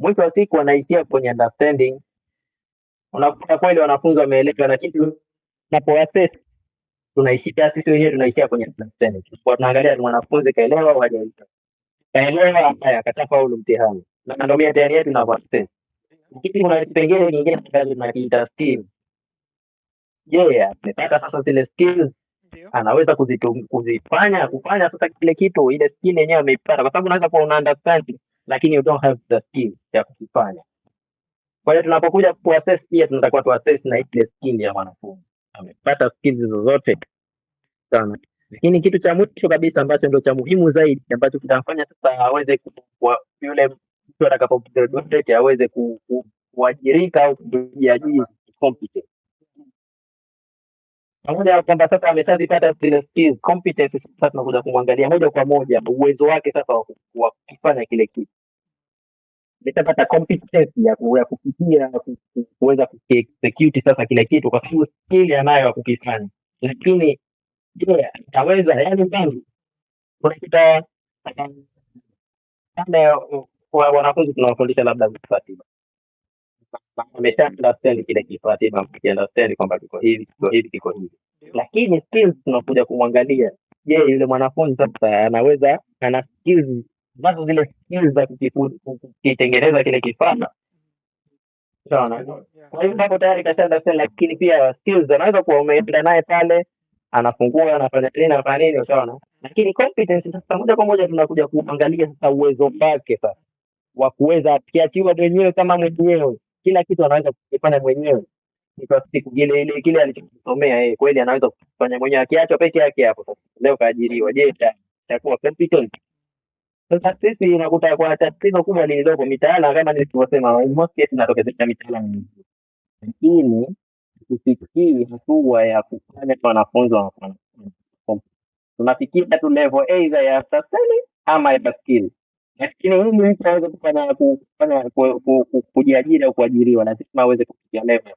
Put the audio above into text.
mwisho wa siku wanaishia kwenye understanding. Unakuta kweli wanafunzi wameelewa, lakini tunapoassess tunaishia sisi wenyewe tunaishia kwenye understanding, kwa tunaangalia mwanafunzi kaelewa au hajaelewa, kaelewa haya akatafaulu mtihani, na ndio mitihani yetu tunavyoassess. Lakini kuna kipengele kingine na kiita skill. Je, amepata sasa zile skills anaweza kuzitum, kuzifanya kufanya sasa kile kitu ile skill yenyewe ameipata, kwa sababu unaweza kuwa una understand lakini you don't have the skill ya kukifanya. Kwa hiyo tunapokuja kuassess pia tunatakiwa tuassess na ile skill ya mwanafunzi amepata skills zozote sana. Lakini kitu cha mwisho kabisa ambacho ndio cha muhimu zaidi ambacho kitamfanya sasa aweze yule mtu atakapograduate aweze kuajirika au kujiajiri competent pamoja na kwamba sasa ameshazipata zile skills competence, sasa tunakuja kumwangalia moja kwa moja uwezo wake sasa wa kufanya kile kitu. Ameshapata competence ya kufikia kuweza execute sasa kile kitu, kwa sababu skill anayo ya kukifanya. Lakini je, ataweza? Yani mfano unakuta uh, uh, wanafunzi tunawafundisha labda matiba amesha kile kifaa tiba, kwamba kiko hivi kiko hivi kiko hivi, lakini skills tunakuja kumwangalia, je, yule mwanafunzi sasa anaweza ana skills nazo zile skills za kukitengeneza kile kifaa Sawa. Kwa tayari kasha understand, lakini pia skills anaweza kuwa umeenda naye pale, anafungua anafanya nini anafanya nini, Lakini competence sasa, moja kwa moja tunakuja kuangalia sasa uwezo wake sasa wa kuweza kiachiwa mwenyewe kama mwenyewe kila kitu anaweza kukifanya mwenyewe kile ile kile alichokisomea yeye kweli anaweza kufanya mwenyewe, akiachwa peke yake hapo. Sasa leo kaajiriwa, je, itakuwa competent? Sasa sisi nakuta kwa tatizo kubwa lililopo mitaala, kama nilivyosema, most case inatokezesha mitaala mingi, lakini tusifikii hatua ya kufanya wanafunzi wa tunafikia tu level either ya sasani ama ya skill lakini huyu mtu hawezi kufanya kujiajiri au kuajiriwa, lazima aweze kufikia level